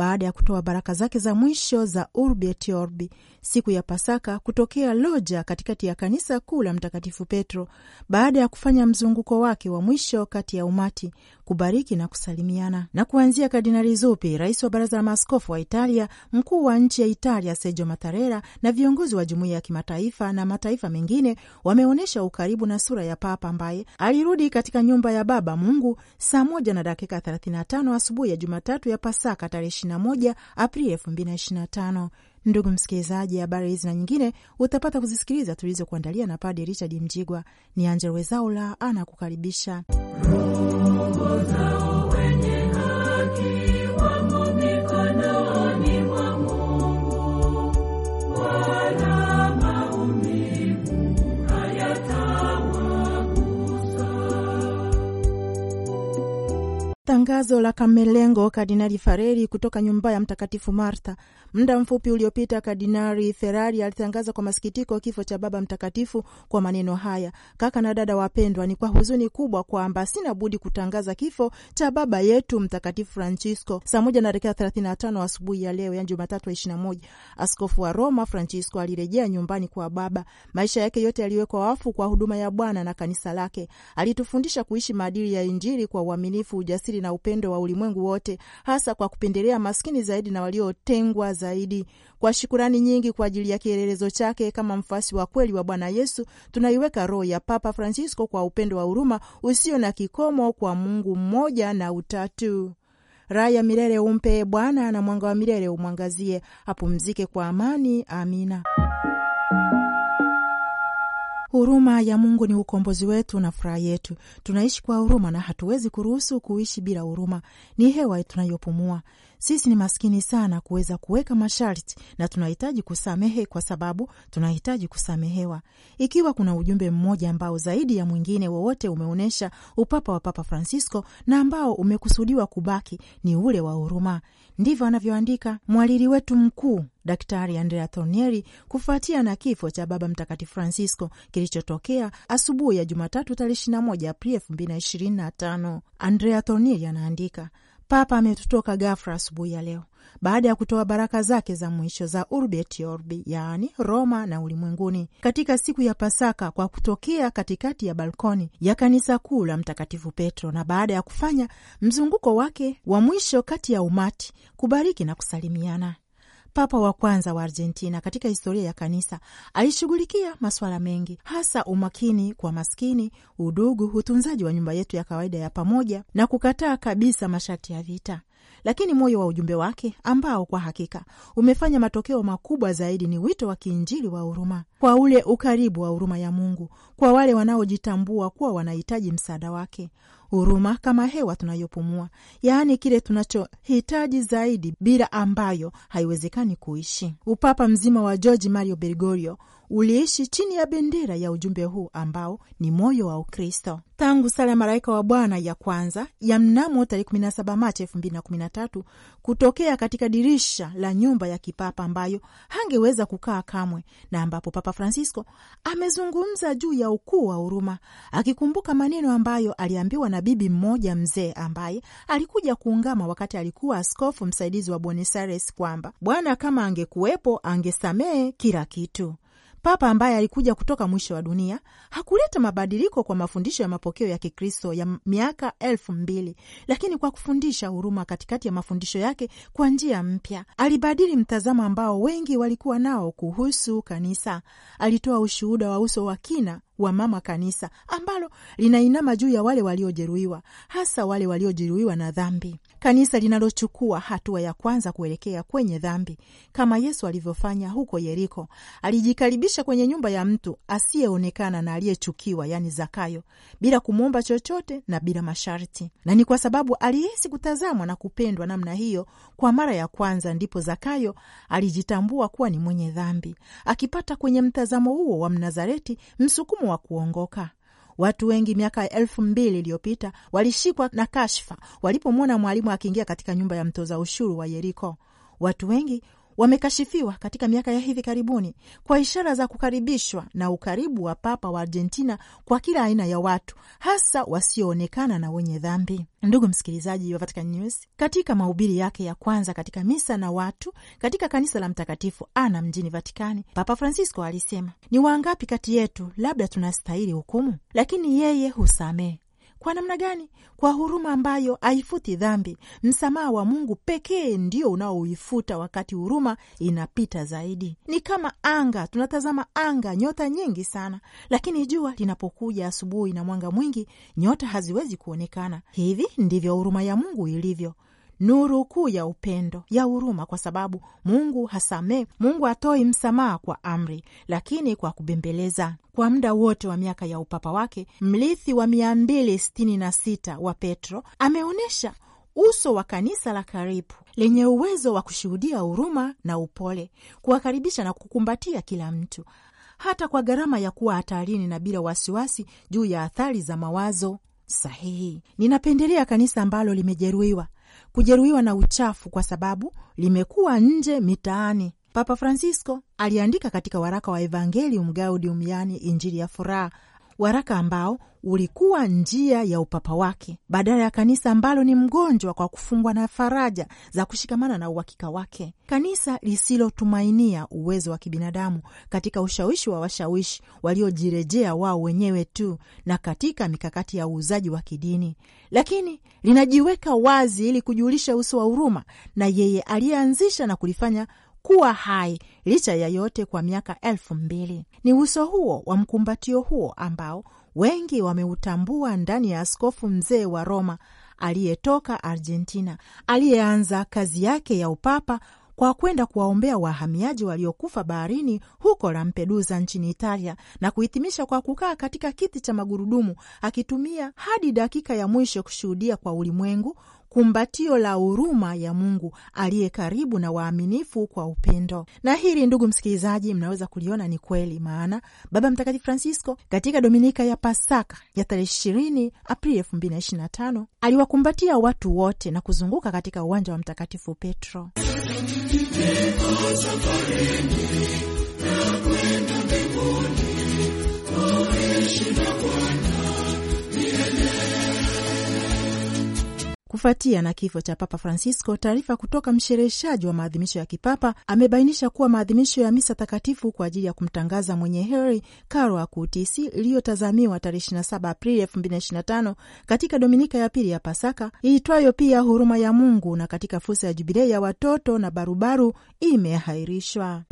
baada ya kutoa baraka zake za mwisho za Urbi et Orbi siku ya Pasaka kutokea loja katikati ya kanisa kuu la Mtakatifu Petro, baada ya kufanya mzunguko wake wa mwisho kati ya umati kubariki na kusalimiana. Na kuanzia Kardinali Zuppi, rais wa baraza la maaskofu wa Italia, mkuu wa nchi ya Italia Sergio Mattarella na viongozi wa jumuiya ya kimataifa na mataifa mengine wameonyesha ukaribu na sura ya Papa ambaye alirudi katika nyumba ya Baba Mungu saa moja na dakika 35 asubuhi ya Jumatatu ya Pasaka tarehe 21 Aprili 2025. Ndugu msikilizaji, habari hizi na nyingine utapata kuzisikiliza tulizokuandalia na Padre Richard Mjigwa. Ni Angella Rwezaula anakukaribisha. Tangazo la Kamelengo Kardinali Fareri kutoka nyumba ya Mtakatifu Marta. Muda mfupi uliopita, Kardinali Ferari alitangaza kwa masikitiko kifo cha Baba Mtakatifu kwa maneno haya: kaka na dada wapendwa, ni kwa huzuni kubwa kwamba sina budi kutangaza kifo cha baba yetu Mtakatifu Francisco saa moja na dakika 35 asubuhi ya leo, yani Jumatatu 21. Askofu wa Roma Francisco alirejea nyumbani kwa Baba. Maisha yake yote yaliwekwa wafu kwa huduma ya Bwana na kanisa lake. Alitufundisha kuishi maadili ya Injili kwa uaminifu, ujasiri ukatili na upendo wa ulimwengu wote, hasa kwa kupendelea maskini zaidi na waliotengwa zaidi. Kwa shukurani nyingi kwa ajili ya kielelezo chake kama mfasi wa kweli wa Bwana Yesu, tunaiweka roho ya Papa Francisco kwa upendo wa huruma usio na kikomo kwa Mungu mmoja na Utatu. Raha ya milele umpe Bwana, na mwanga wa milele umwangazie. Apumzike kwa amani. Amina. Huruma ya Mungu ni ukombozi wetu na furaha yetu. Tunaishi kwa huruma na hatuwezi kuruhusu kuishi bila huruma. Ni hewa tunayopumua. Sisi ni maskini sana kuweza kuweka masharti na tunahitaji kusamehe kwa sababu tunahitaji kusamehewa. Ikiwa kuna ujumbe mmoja ambao zaidi ya mwingine wowote umeonyesha upapa wa Papa Francisco na ambao umekusudiwa kubaki ni ule wa huruma. Ndivyo anavyoandika mwalili wetu mkuu Daktari Andrea tornieri kufuatia na kifo cha Baba Mtakatifu Francisco kilichotokea asubuhi ya Jumatatu tarehe 21 Aprili 2025. Andrea tornieri anaandika Papa ametutoka ghafla asubuhi ya leo baada ya kutoa baraka zake za mwisho za Urbi et Orbi, yaani Roma na ulimwenguni, katika siku ya Pasaka kwa kutokea katikati ya balkoni ya kanisa kuu la Mtakatifu Petro, na baada ya kufanya mzunguko wake wa mwisho kati ya umati, kubariki na kusalimiana. Papa wa kwanza wa Argentina katika historia ya kanisa alishughulikia masuala mengi, hasa umakini kwa maskini, udugu, utunzaji wa nyumba yetu ya kawaida ya pamoja na kukataa kabisa masharti ya vita lakini moyo wa ujumbe wake ambao kwa hakika umefanya matokeo makubwa zaidi ni wito wa kiinjili wa huruma, kwa ule ukaribu wa huruma ya Mungu kwa wale wanaojitambua kuwa wanahitaji msaada wake huruma kama hewa tunayopumua, yaani kile tunachohitaji zaidi, bila ambayo haiwezekani kuishi. Upapa mzima wa georgi Mario Bergoglio uliishi chini ya bendera ya ujumbe huu ambao ni moyo wa Ukristo. Tangu sala ya malaika wa Bwana ya kwanza ya mnamo tarehe 17 Machi 2013 kutokea katika dirisha la nyumba ya kipapa ambayo hangeweza kukaa kamwe, na ambapo Papa Francisco amezungumza juu ya ukuu wa huruma, akikumbuka maneno ambayo aliambiwa na bibi mmoja mzee ambaye alikuja kuungama wakati alikuwa askofu msaidizi wa Buenos Aires kwamba Bwana kama angekuwepo angesamehe kila kitu. Papa ambaye alikuja kutoka mwisho wa dunia hakuleta mabadiliko kwa mafundisho ya mapokeo ya Kikristo ya miaka elfu mbili, lakini kwa kufundisha huruma katikati ya mafundisho yake kwa njia mpya. Alibadili mtazamo ambao wengi walikuwa nao kuhusu kanisa. Alitoa ushuhuda wa uso wa kina wa mama kanisa ambalo linainama juu ya wale waliojeruhiwa, hasa wale waliojeruhiwa na dhambi, kanisa linalochukua hatua ya kwanza kuelekea kwenye dhambi kama Yesu alivyofanya huko Yeriko. Alijikaribisha kwenye nyumba ya mtu asiyeonekana na aliyechukiwa, yani Zakayo, bila kumwomba chochote na bila masharti, na ni kwa sababu alihisi kutazamwa na kupendwa namna hiyo kwa mara ya kwanza, ndipo Zakayo alijitambua kuwa ni mwenye dhambi, akipata kwenye mtazamo huo wa Mnazareti msukumo wa kuongoka. Watu wengi miaka elfu mbili iliyopita walishikwa na kashfa walipomwona mwalimu akiingia katika nyumba ya mtoza ushuru wa Yeriko. Watu wengi wamekashifiwa katika miaka ya hivi karibuni kwa ishara za kukaribishwa na ukaribu wa Papa wa Argentina kwa kila aina ya watu, hasa wasioonekana na wenye dhambi. Ndugu msikilizaji wa Vatican News, katika mahubiri yake ya kwanza katika misa na watu katika kanisa la Mtakatifu Ana mjini Vatikani, Papa Francisco alisema, ni wangapi kati yetu labda tunastahili hukumu, lakini yeye husamehe kwa namna gani? Kwa huruma ambayo haifuti dhambi. Msamaha wa Mungu pekee ndio unaoifuta, wakati huruma inapita zaidi. Ni kama anga, tunatazama anga, nyota nyingi sana, lakini jua linapokuja asubuhi na mwanga mwingi, nyota haziwezi kuonekana. Hivi ndivyo huruma ya Mungu ilivyo nuru kuu ya upendo, ya huruma, kwa sababu Mungu hasamee. Mungu hatoi msamaha kwa amri, lakini kwa kubembeleza. Kwa muda wote wa miaka ya upapa wake, mrithi wa mia mbili sitini na sita wa Petro ameonyesha uso wa kanisa la karibu lenye uwezo wa kushuhudia huruma na upole, kuwakaribisha na kukumbatia kila mtu hata kwa gharama ya kuwa hatarini na bila wasiwasi juu ya athari za mawazo sahihi. Ninapendelea kanisa ambalo limejeruhiwa, kujeruhiwa na uchafu kwa sababu limekuwa nje mitaani. Papa Francisco aliandika katika waraka wa Evangelium Gaudium, yaani Injili ya furaha waraka ambao ulikuwa njia ya upapa wake badala ya kanisa ambalo ni mgonjwa kwa kufungwa na faraja za kushikamana na uhakika wake, kanisa lisilotumainia uwezo wa kibinadamu katika ushawishi wa washawishi waliojirejea wao wenyewe tu na katika mikakati ya uuzaji wa kidini, lakini linajiweka wazi ili kujulisha uso wa huruma na yeye aliyeanzisha na kulifanya kuwa hai licha ya yote kwa miaka elfu mbili. Ni uso huo wa mkumbatio huo ambao wengi wameutambua ndani ya askofu mzee wa Roma aliyetoka Argentina, aliyeanza kazi yake ya upapa kwa kwenda kuwaombea wahamiaji waliokufa baharini huko Lampedusa nchini Italia na kuhitimisha kwa kukaa katika kiti cha magurudumu akitumia hadi dakika ya mwisho kushuhudia kwa ulimwengu kumbatio la huruma ya Mungu aliye karibu na waaminifu kwa upendo. Na hili ndugu msikilizaji, mnaweza kuliona ni kweli, maana Baba Mtakatifu Francisco katika Dominika ya Pasaka ya tarehe ishirini Aprili tano aliwakumbatia watu wote na kuzunguka katika uwanja wa Mtakatifu Petro. Kufuatia na kifo cha Papa Francisco, taarifa kutoka mshereheshaji wa maadhimisho ya kipapa amebainisha kuwa maadhimisho ya misa takatifu kwa ajili ya kumtangaza mwenye heri Carlo Acutis iliyotazamiwa tarehe 27 Aprili 2025 katika dominika ya pili ya Pasaka iitwayo pia huruma ya Mungu na katika fursa ya Jubilei ya watoto na barubaru imeahirishwa.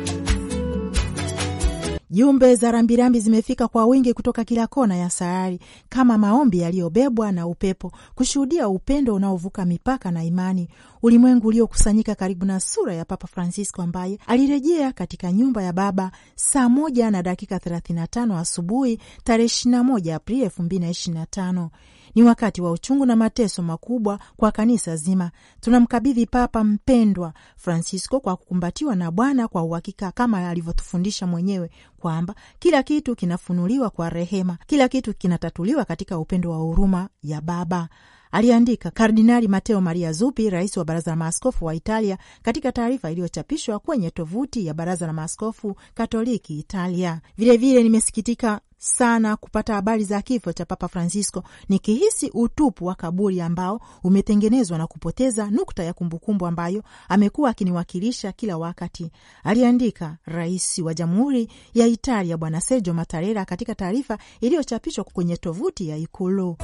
Jumbe za rambirambi zimefika kwa wingi kutoka kila kona ya sayari, kama maombi yaliyobebwa na upepo, kushuhudia upendo unaovuka mipaka na imani, ulimwengu uliokusanyika karibu na sura ya Papa Francisco ambaye alirejea katika nyumba ya Baba saa moja na dakika 35 asubuhi tarehe 21 Aprili 2025. Ni wakati wa uchungu na mateso makubwa kwa kanisa zima. Tunamkabidhi Papa mpendwa Francisco kwa kukumbatiwa na Bwana kwa uhakika, kama alivyotufundisha mwenyewe kwamba kila kitu kinafunuliwa kwa rehema, kila kitu kinatatuliwa katika upendo wa huruma ya Baba, aliandika Kardinali Mateo Maria Zuppi, rais wa Baraza la Maaskofu wa Italia, katika taarifa iliyochapishwa kwenye tovuti ya Baraza la Maaskofu Katoliki Italia. Vilevile nimesikitika sana kupata habari za kifo cha Papa Francisco, nikihisi utupu wa kaburi ambao umetengenezwa na kupoteza nukta ya kumbukumbu ambayo amekuwa akiniwakilisha kila wakati, aliandika rais wa Jamhuri ya Italia Bwana Sergio Mattarella katika taarifa iliyochapishwa kwenye tovuti ya Ikulu.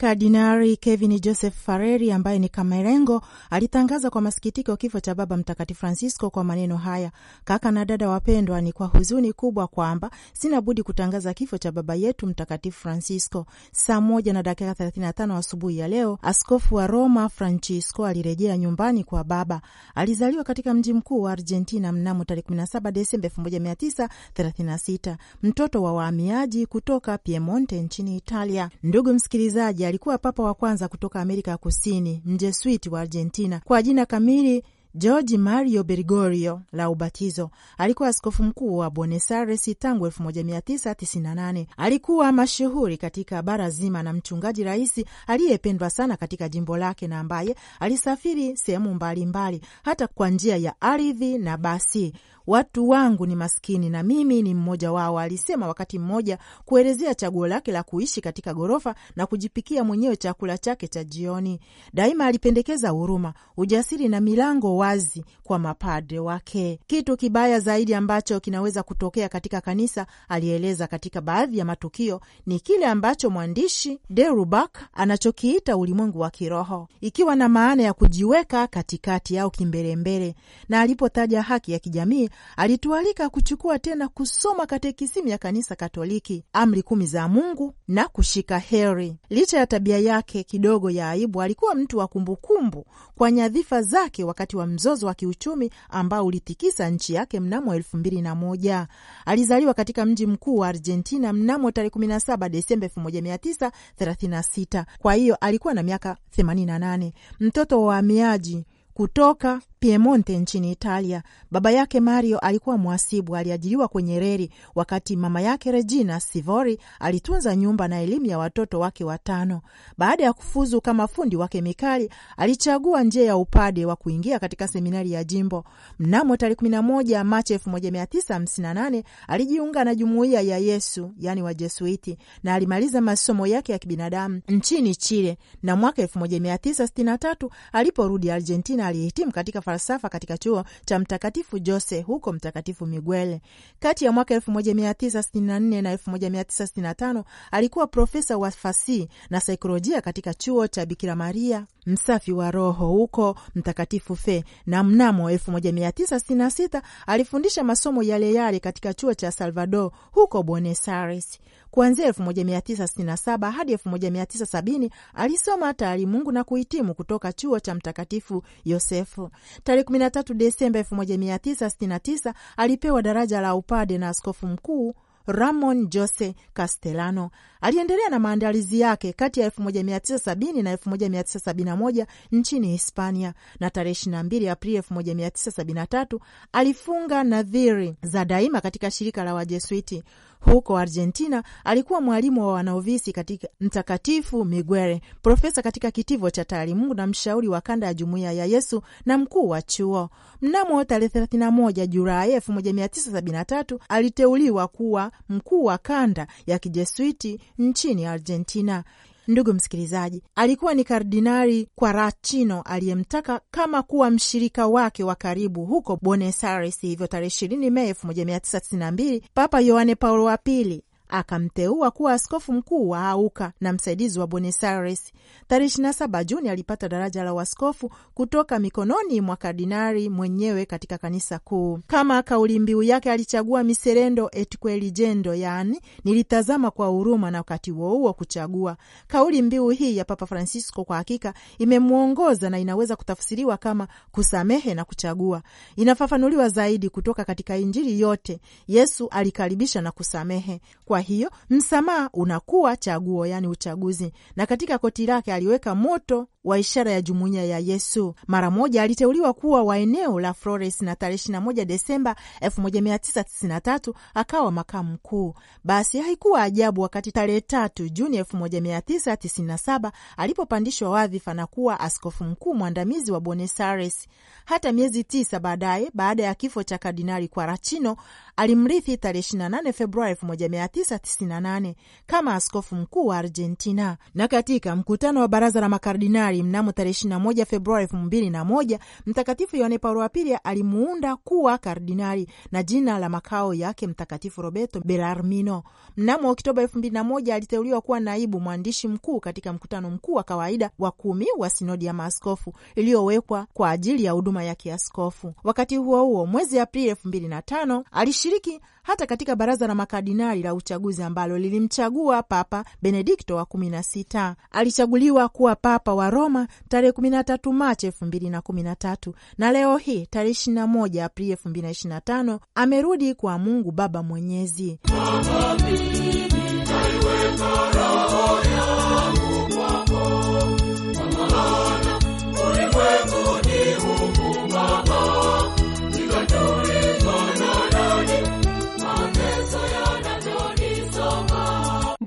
Kardinari Kevin Joseph Fareri ambaye ni Kamerengo alitangaza kwa masikitiko kifo cha Baba Mtakatifu Francisco kwa maneno haya: kaka na dada wapendwa, ni kwa huzuni kubwa kwamba sina budi kutangaza kifo cha baba yetu Mtakatifu Francisco. Saa moja na dakika 35 asubuhi ya leo, askofu wa Roma Francisco alirejea nyumbani kwa Baba. Alizaliwa katika mji mkuu wa Argentina mnamo tarehe 17 Desemba 1936, mtoto wa wahamiaji kutoka Piemonte nchini Italia. Ndugu msikilizaji alikuwa papa wa kwanza kutoka Amerika ya Kusini, mjesuiti wa Argentina. Kwa jina kamili George Mario Bergoglio la ubatizo. Alikuwa askofu mkuu wa Buenos Aires tangu 1998. Alikuwa mashuhuri katika bara zima na mchungaji rahisi aliyependwa sana katika jimbo lake na ambaye alisafiri sehemu mbalimbali hata kwa njia ya ardhi na basi watu wangu ni maskini na mimi ni mmoja wao, alisema wakati mmoja kuelezea chaguo lake la kuishi katika ghorofa na kujipikia mwenyewe chakula chake cha jioni. Daima alipendekeza huruma, ujasiri na milango wazi kwa mapadre wake. Kitu kibaya zaidi ambacho kinaweza kutokea katika kanisa, alieleza katika baadhi ya matukio, ni kile ambacho mwandishi de Rubak anachokiita ulimwengu wa kiroho, ikiwa na maana ya kujiweka katikati au kimbelembele. Na alipotaja haki ya kijamii alitualika kuchukua tena kusoma katekisimu ya kanisa Katoliki, amri kumi za Mungu na kushika heri. Licha ya tabia yake kidogo ya aibu, alikuwa mtu wa kumbukumbu kwa nyadhifa zake wakati wa mzozo wa kiuchumi ambao ulitikisa nchi yake mnamo elfu mbili na moja. Alizaliwa katika mji mkuu wa Argentina mnamo tarehe 17 Desemba 1936. Kwa hiyo alikuwa na miaka 88, mtoto wa wahamiaji kutoka Piemonte nchini Italia. Baba yake Mario alikuwa mwasibu aliajiriwa kwenye reli, wakati mama yake Regina Sivori alitunza nyumba na elimu ya watoto wake watano. Baada ya kufuzu kama fundi wa kemikali, alichagua njia ya upade wa kuingia katika seminari ya jimbo. Mnamo tarehe 11 Machi 1958 alijiunga na Jumuiya ya Yesu, yani Wajesuiti, na alimaliza masomo yake ya kibinadamu nchini Chile, na mwaka 1963 aliporudi Argentina alihitimu katika falsafa katika chuo cha Mtakatifu Jose huko Mtakatifu Miguel. Kati ya mwaka 1964 na 1965 alikuwa profesa wa fasihi na saikolojia katika chuo cha Bikira Maria msafi wa roho huko Mtakatifu Fe, na mnamo 1966 alifundisha masomo yale yale katika chuo cha Salvador huko Buenos Aires. Kuanzia 1967 hadi 1970 alisoma taalimungu na kuhitimu kutoka chuo cha Mtakatifu Yosefu. Tarehe 13 Desemba 1969 alipewa daraja la upade na askofu mkuu Ramon Jose Castellano. Aliendelea na maandalizi yake kati ya 1970 na 1971 nchini Hispania, na tarehe 22 Aprili 1973 alifunga nadhiri za daima katika shirika la Wajesuiti. Huko Argentina alikuwa mwalimu wa wanaovisi katika Mtakatifu Miguel, profesa katika kitivo cha taalimu na mshauri wa kanda ya Jumuiya ya Yesu na mkuu wa chuo. Mnamo tarehe 31 Julai 1973 aliteuliwa kuwa mkuu wa kanda ya kijesuiti nchini Argentina. Ndugu msikilizaji, alikuwa ni Kardinali Kwaracino aliyemtaka kama kuwa mshirika wake wa karibu huko Buenos Aires. Hivyo tarehe 20 Mei 1992 Papa Yohane Paulo wa Pili akamteua kuwa askofu mkuu wa Auka na msaidizi wa Buenos Aires. Tarehe 27 Juni alipata daraja la uaskofu kutoka mikononi mwa kardinari mwenyewe katika kanisa kuu. Kama kauli mbiu yake alichagua miserendo et queligendo, yaani nilitazama kwa huruma na wakati huo huo kuchagua. Kauli mbiu hii ya Papa Francisco kwa hakika imemwongoza na inaweza kutafsiriwa kama kusamehe na kuchagua. Inafafanuliwa zaidi kutoka katika Injili yote, Yesu alikaribisha na kusamehe kwa hiyo msamaha unakuwa chaguo, yaani uchaguzi, na katika koti lake aliweka moto wa ishara ya jumuiya ya Yesu. Mara moja aliteuliwa kuwa wa eneo la Flores na tarehe 21 Desemba 1993 akawa makamu mkuu. Basi haikuwa ajabu wakati tarehe tatu Juni 1997 alipopandishwa wadhifa na kuwa askofu mkuu mwandamizi wa Buenos Aires. Hata miezi tisa baadaye, baada ya kifo cha Kardinali Kwarachino, alimrithi tarehe 28 Februari 1998 kama askofu mkuu wa Argentina, na katika mkutano wa baraza la makardinali Seminari mnamo tarehe 21 Februari 2001 Mtakatifu Yohane Paulo wa Pili alimuunda kuwa kardinali na jina la makao yake Mtakatifu Roberto Belarmino. Mnamo Oktoba 2001 aliteuliwa kuwa naibu mwandishi mkuu katika mkutano mkuu wa kawaida wa kumi wa sinodi ya maaskofu iliyowekwa kwa ajili ya huduma ya kiaskofu. Wakati huo huo, mwezi Aprili 2005 alishiriki hata katika baraza la makardinali la uchaguzi ambalo lilimchagua Papa Benedikto wa kumi na sita. Alichaguliwa kuwa papa wa Roma tarehe kumi na tatu Machi elfu mbili na kumi na tatu na leo hii tarehe ishirini na moja Aprili elfu mbili na ishirini na tano amerudi kwa Mungu Baba Mwenyezi. Mama, mimi,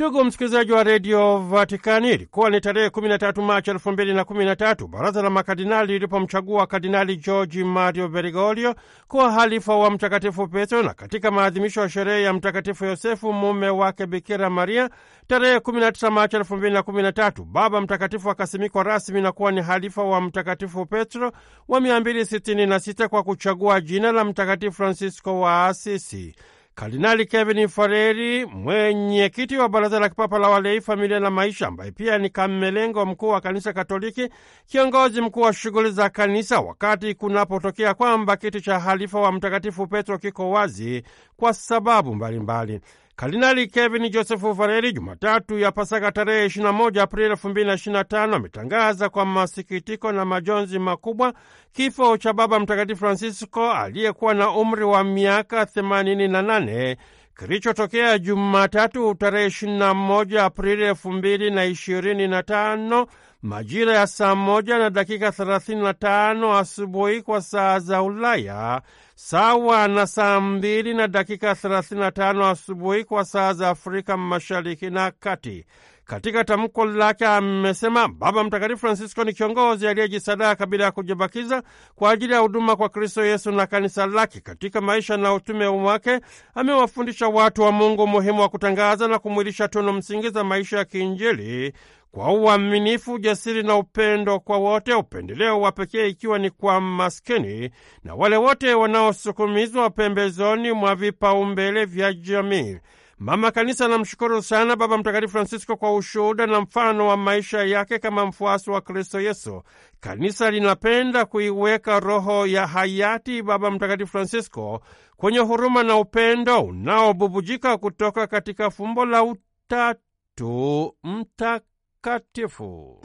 Ndugu msikilizaji wa redio Vatikani, ilikuwa ni tarehe 13 Machi 2013 baraza la makardinali lilipomchagua Kardinali Georgi Mario Bergoglio kuwa halifa wa Mtakatifu Petro, na katika maadhimisho ya sherehe ya Mtakatifu Yosefu mume wake Bikira Maria tarehe 19 Machi 2013, Baba Mtakatifu akasimikwa rasmi na kuwa ni halifa wa Mtakatifu Petro wa 266 kwa kuchagua jina la Mtakatifu Francisco wa Asisi. Kardinali Kevin Fareri, mwenyekiti wa Baraza la Kipapa la Walei, Familia na Maisha, ambaye pia ni kamelengo mkuu wa Kanisa Katoliki, kiongozi mkuu wa shughuli za kanisa, wakati kunapotokea kwamba kiti cha halifa wa Mtakatifu Petro kiko wazi kwa sababu mbalimbali mbali. Kardinali Kevin joseph Vareli Jumatatu ya Pasaka tarehe 21 Aprili 2025 ametangaza kwa masikitiko na majonzi makubwa kifo cha Baba Mtakatifu Francisco aliyekuwa na umri wa miaka 88 kilichotokea Jumatatu tarehe 21 Aprili 2025 majira ya saa 1 na dakika 35 asubuhi kwa saa za Ulaya sawa na saa mbili na dakika 35 asubuhi kwa saa za Afrika Mashariki na Kati. Katika tamko lake amesema Baba Mtakatifu Francisco ni kiongozi aliyejisadaka bila ya kujibakiza kwa ajili ya huduma kwa Kristo Yesu na kanisa lake. Katika maisha na utume wake amewafundisha watu wa Mungu umuhimu wa kutangaza na kumwilisha tunu msingi za maisha ya kiinjili kwa uaminifu, ujasiri na upendo kwa wote, upendeleo wa pekee ikiwa ni kwa maskini na wale wote wanaosukumizwa pembezoni mwa vipaumbele vya jamii. Mama Kanisa anamshukuru sana Baba Mtakatifu Francisco kwa ushuhuda na mfano wa maisha yake kama mfuasi wa Kristo Yesu. Kanisa linapenda kuiweka roho ya hayati Baba Mtakatifu Francisco kwenye huruma na upendo unaobubujika kutoka katika fumbo la Utatu Mtakatifu.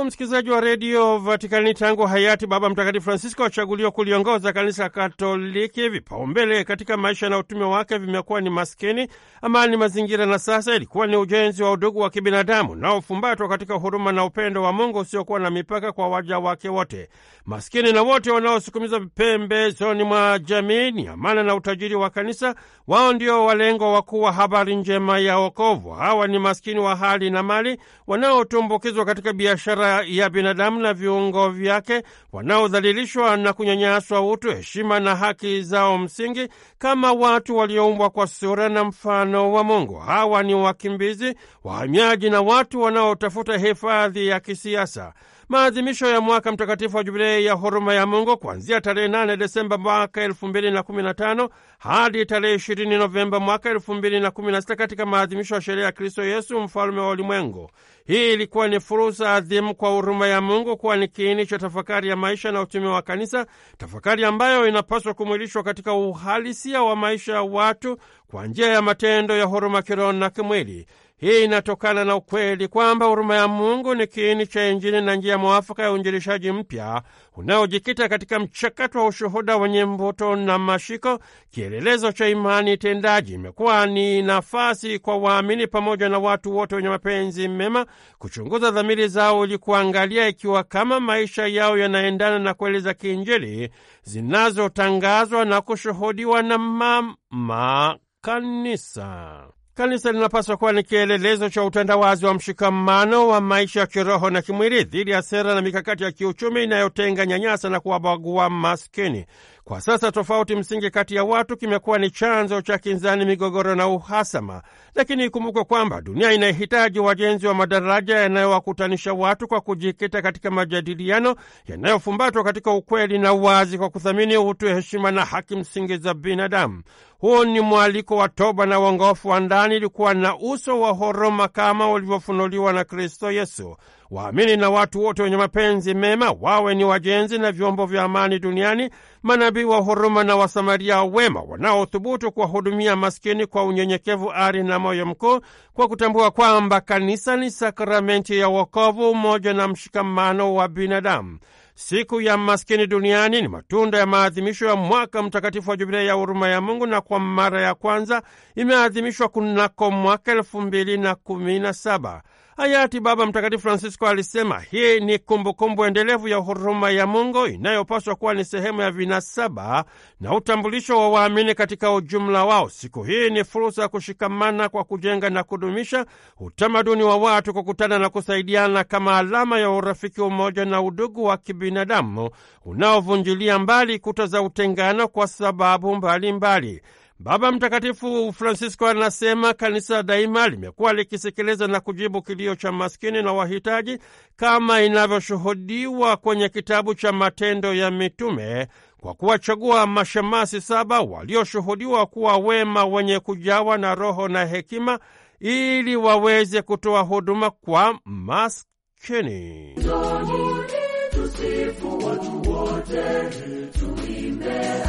Ndugu msikilizaji wa redio Vatikani, tangu hayati Baba Mtakatifu Francisco achaguliwa kuliongoza kanisa Katoliki, vipaumbele katika maisha na utume wake vimekuwa ni maskini, amani, mazingira na sasa ilikuwa ni ujenzi wa udugu wa kibinadamu unaofumbatwa katika huruma na upendo wa Mungu usiokuwa na mipaka kwa waja wake wote, maskini na wote wanaosukumizwa pembezoni mwa jamii. Ni amana na utajiri wa kanisa, wao ndio walengwa wakuu wa habari njema ya wokovu. Hawa ni maskini wa hali na mali wanaotumbukizwa katika biashara ya binadamu na viungo vyake, wanaodhalilishwa na kunyanyaswa utu, heshima na haki zao msingi, kama watu walioumbwa kwa sura na mfano wa Mungu. Hawa ni wakimbizi, wahamiaji na watu wanaotafuta hifadhi ya kisiasa maadhimisho ya mwaka mtakatifu wa jubilei ya huruma ya Mungu kuanzia tarehe 8 Desemba mwaka 2015 hadi tarehe 20 Novemba mwaka 216 katika maadhimisho ya sherehe ya Kristo Yesu mfalme wa ulimwengu. Hii ilikuwa ni fursa adhimu kwa huruma ya Mungu kuwa ni kiini cha tafakari ya maisha na utume wa kanisa, tafakari ambayo inapaswa kumwilishwa katika uhalisia wa maisha ya watu kwa njia ya matendo ya huruma kiroho na kimwili. Hii inatokana na ukweli kwamba huruma ya Mungu ni kiini cha Injili na njia mwafaka ya uinjilishaji mpya unaojikita katika mchakato wa ushuhuda wenye mvuto na mashiko. Kielelezo cha imani tendaji imekuwa ni nafasi kwa waamini pamoja na watu wote wenye mapenzi mema kuchunguza dhamiri zao ili kuangalia ikiwa kama maisha yao yanaendana na kweli za kiinjili zinazotangazwa na kushuhudiwa na mama kanisa. Kanisa linapaswa kuwa ni kielelezo cha utandawazi wa mshikamano wa maisha ya kiroho na kimwili dhidi ya sera na mikakati ya kiuchumi inayotenga, nyanyasa na kuwabagua maskini. Kwa sasa tofauti msingi kati ya watu kimekuwa ni chanzo cha kinzani, migogoro na uhasama. Lakini ikumbukwe kwamba dunia inahitaji wajenzi wa madaraja yanayowakutanisha watu kwa kujikita katika majadiliano yanayofumbatwa katika ukweli na uwazi, kwa kuthamini utu, heshima na haki msingi za binadamu. Huu ni mwaliko wa toba na uongofu wa ndani, ilikuwa na uso wa horoma kama ulivyofunuliwa na Kristo Yesu. Waamini na watu wote wenye mapenzi mema wawe ni wajenzi na vyombo vya amani duniani, manabii wa huruma na wasamaria wema wanaothubutu kuwahudumia maskini kwa unyenyekevu, ari na moyo mkuu, kwa kutambua kwamba kanisa ni sakramenti ya wokovu, umoja na mshikamano wa binadamu. Siku ya maskini duniani ni matunda ya maadhimisho ya mwaka mtakatifu wa jubilei ya huruma ya Mungu, na kwa mara ya kwanza imeadhimishwa kunako mwaka elfu mbili na kumi na saba. Hayati Baba Mtakatifu Francisco alisema hii ni kumbukumbu endelevu ya huruma ya Mungu inayopaswa kuwa ni sehemu ya vinasaba na utambulisho wa waamini katika ujumla wao. Siku hii ni fursa ya kushikamana kwa kujenga na kudumisha utamaduni wa watu kukutana na kusaidiana kama alama ya urafiki, umoja na udugu wa kibinadamu unaovunjilia mbali kuta za utengano kwa sababu mbalimbali mbali. Baba Mtakatifu Francisco anasema kanisa daima limekuwa likisikiliza na kujibu kilio cha maskini na wahitaji kama inavyoshuhudiwa kwenye kitabu cha Matendo ya Mitume kwa kuwachagua mashemasi saba walioshuhudiwa kuwa wema, wenye kujawa na roho na hekima, ili waweze kutoa huduma kwa maskini. Tusifu watu wote, tuimbe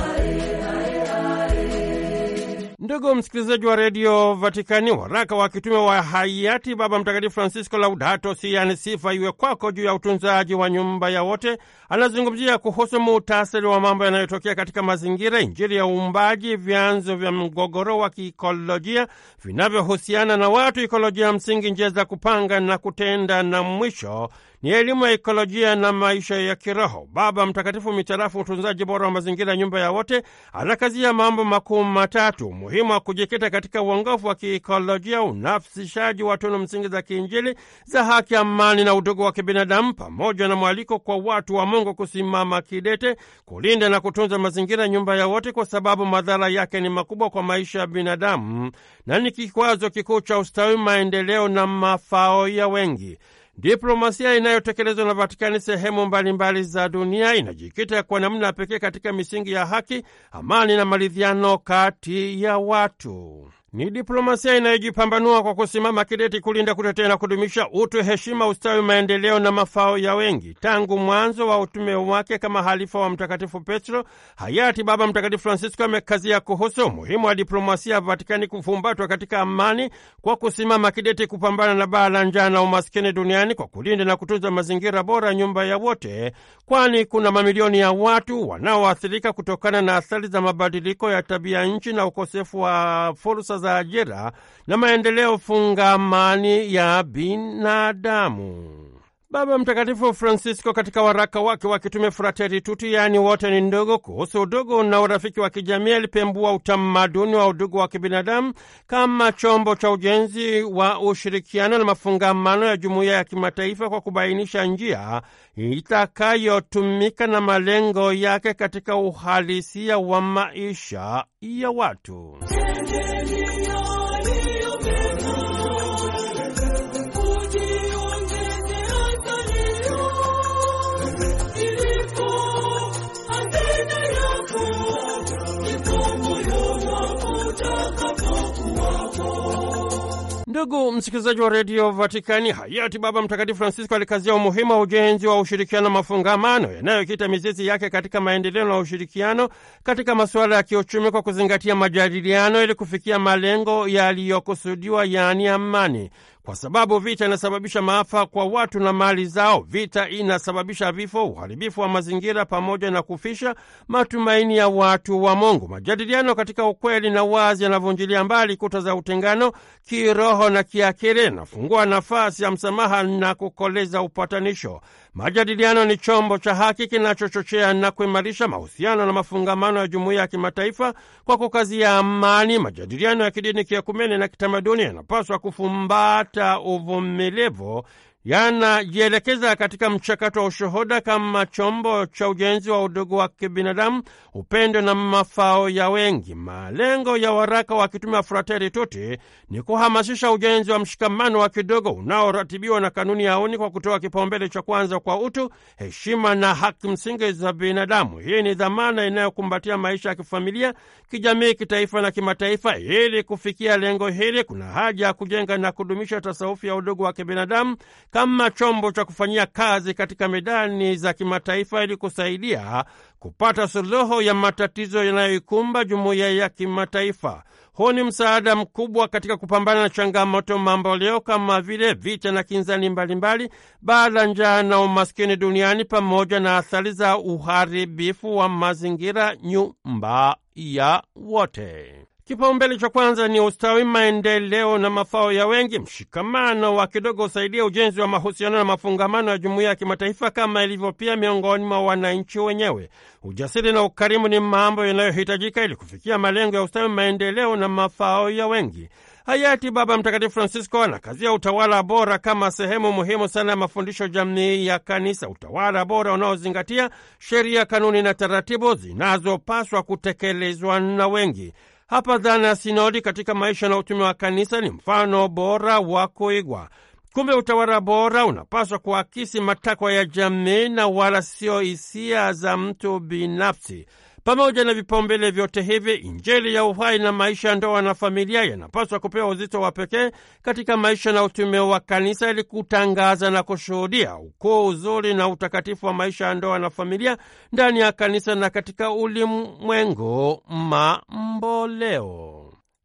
Ndugu msikilizaji wa redio Vatikani, waraka wa kitume wa hayati Baba Mtakatifu Francisco Laudato Si, yani sifa iwe kwako, juu ya utunzaji wa nyumba ya wote, anazungumzia kuhusu muhtasari wa mambo yanayotokea katika mazingira, Injili ya uumbaji, vyanzo vya mgogoro wa kiikolojia vinavyohusiana na watu, ikolojia msingi, njia za kupanga na kutenda, na mwisho ni elimu ya ikolojia na maisha ya kiroho. Baba Mtakatifu mitarafu utunzaji bora wa mazingira, nyumba ya wote, anakazia mambo makuu matatu: umuhimu wa kujikita katika uongofu wa kiikolojia, unafsishaji wa tunu msingi za kiinjili za haki, amani na udugu wa kibinadamu, pamoja na mwaliko kwa watu wa Mungu kusimama kidete kulinda na kutunza mazingira, nyumba ya wote, kwa sababu madhara yake ni makubwa kwa maisha ya binadamu na ni kikwazo kikuu cha ustawi, maendeleo na mafao ya wengi. Diplomasia inayotekelezwa na Vatikani sehemu mbalimbali mbali za dunia inajikita kwa namna pekee katika misingi ya haki, amani na maridhiano kati ya watu ni diplomasia inayojipambanua kwa kusimama kidete kulinda, kutetea na kudumisha utu, heshima, ustawi, maendeleo na mafao ya wengi. Tangu mwanzo wa utume wake kama halifa wa Mtakatifu Petro, hayati Baba Mtakatifu Francisco amekazia kuhusu umuhimu wa diplomasia ya Vatikani kufumbatwa katika amani kwa kusimama kidete kupambana na baa la njaa na umaskini duniani kwa kulinda na kutunza mazingira bora, nyumba ya wote, kwani kuna mamilioni ya watu wanaoathirika kutokana na athari za mabadiliko ya tabia nchi na ukosefu wa fursa za ajira na maendeleo fungamani ya binadamu. Baba Mtakatifu Francisco katika waraka wake wa kitume Fratelli tuti yaani wote ni ndugu, kuhusu udugu na urafiki wa kijamii, alipembua utamaduni wa udugu wa kibinadamu kama chombo cha ujenzi wa ushirikiano na mafungamano ya jumuiya ya kimataifa kwa kubainisha njia itakayotumika na malengo yake katika uhalisia wa maisha ya watu. Ele Ndugu msikilizaji wa redio Vatikani, hayati Baba Mtakatifu Francisco alikazia umuhimu wa ujenzi wa ushirikiano mafungamano yanayokita mizizi yake katika maendeleo na ushirikiano katika masuala ya kiuchumi kwa kuzingatia majadiliano ili kufikia malengo yaliyokusudiwa, yaani amani kwa sababu vita inasababisha maafa kwa watu na mali zao. Vita inasababisha vifo, uharibifu wa mazingira, pamoja na kufisha matumaini ya watu wa Mungu. Majadiliano katika ukweli na wazi yanavunjilia mbali kuta za utengano kiroho na kiakili, nafungua nafasi ya msamaha na kukoleza upatanisho. Majadiliano ni chombo cha haki kinachochochea na kuimarisha mahusiano na mafungamano ya jumuiya ya kimataifa kwa kukazia amani. Majadiliano ya kidini, kiekumene na kitamaduni yanapaswa kufumbata uvumilivu yanajielekeza katika mchakato wa ushuhuda kama chombo cha ujenzi wa udugu wa kibinadamu, upendo na mafao ya wengi. Malengo ya waraka wa kitume wa Frateri Tuti ni kuhamasisha ujenzi wa mshikamano wa kidogo unaoratibiwa na kanuni ya uni kwa kutoa kipaumbele cha kwanza kwa utu, heshima na haki msingi za binadamu. Hii ni dhamana inayokumbatia maisha ya kifamilia, kijamii, kitaifa na kimataifa. Ili kufikia lengo hili, kuna haja ya kujenga na kudumisha tasawufi ya udugu wa kibinadamu kama chombo cha kufanyia kazi katika medani za kimataifa ili kusaidia kupata suluhu ya matatizo yanayoikumba jumuiya ya kimataifa. Huu ni msaada mkubwa katika kupambana na changamoto mamboleo kama vile vita na kinzani mbalimbali, baada njaa na umaskini duniani, pamoja na athari za uharibifu wa mazingira, nyumba ya wote. Kipaumbele cha kwanza ni ustawi, maendeleo na mafao ya wengi. Mshikamano wa kidogo husaidia ujenzi wa mahusiano na mafungamano ya jumuiya ya kimataifa, kama ilivyo pia miongoni mwa wananchi wenyewe. Ujasiri na ukarimu ni mambo yanayohitajika ili kufikia malengo ya ustawi, maendeleo na mafao ya wengi. Hayati Baba Mtakatifu Francisco anakazia utawala bora kama sehemu muhimu sana ya mafundisho jamii ya Kanisa, utawala bora unaozingatia sheria, kanuni na taratibu zinazopaswa kutekelezwa na wengi. Hapa dhana ya sinodi katika maisha na utume wa kanisa ni mfano bora wa kuigwa. Kumbe utawala bora unapaswa kuakisi matakwa ya jamii na wala sio hisia za mtu binafsi. Pamoja na vipaumbele vyote hivi, Injili ya uhai na maisha ya ndoa na familia yanapaswa kupewa uzito wa pekee katika maisha na utume wa kanisa ili kutangaza na kushuhudia ukuu, uzuri na utakatifu wa maisha ya ndoa na familia ndani ya kanisa na katika ulimwengu mamboleo.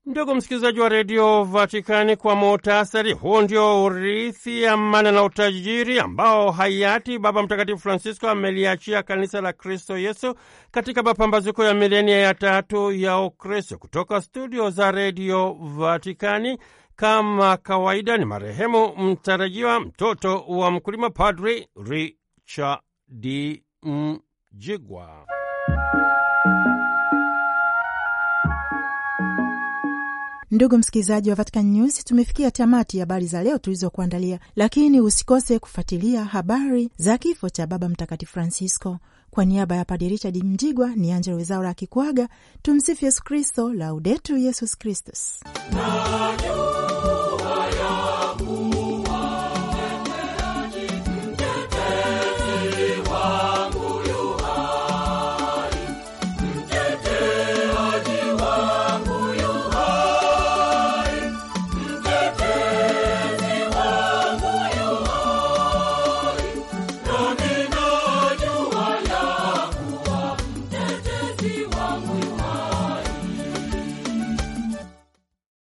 Ndugu msikilizaji wa redio Vatikani, kwa muhtasari huu ndio urithi, amana na utajiri ambao hayati Baba Mtakatifu Francisco ameliachia kanisa la Kristo Yesu katika mapambazuko ya milenia ya tatu ya Ukristo. Kutoka studio za redio Vatikani, kama kawaida, ni marehemu mtarajiwa mtoto wa mkulima, Padri Richard Mjigwa. Ndugu msikilizaji wa Vatican News, tumefikia tamati ya habari za leo tulizokuandalia, lakini usikose kufuatilia habari za kifo cha Baba Mtakatifu Francisco. Kwa niaba ya Padre Richard Mjigwa ni Angela Wezaura akikuaga. Tumsifu Yesu Kristo, Laudetu Yesus Kristus.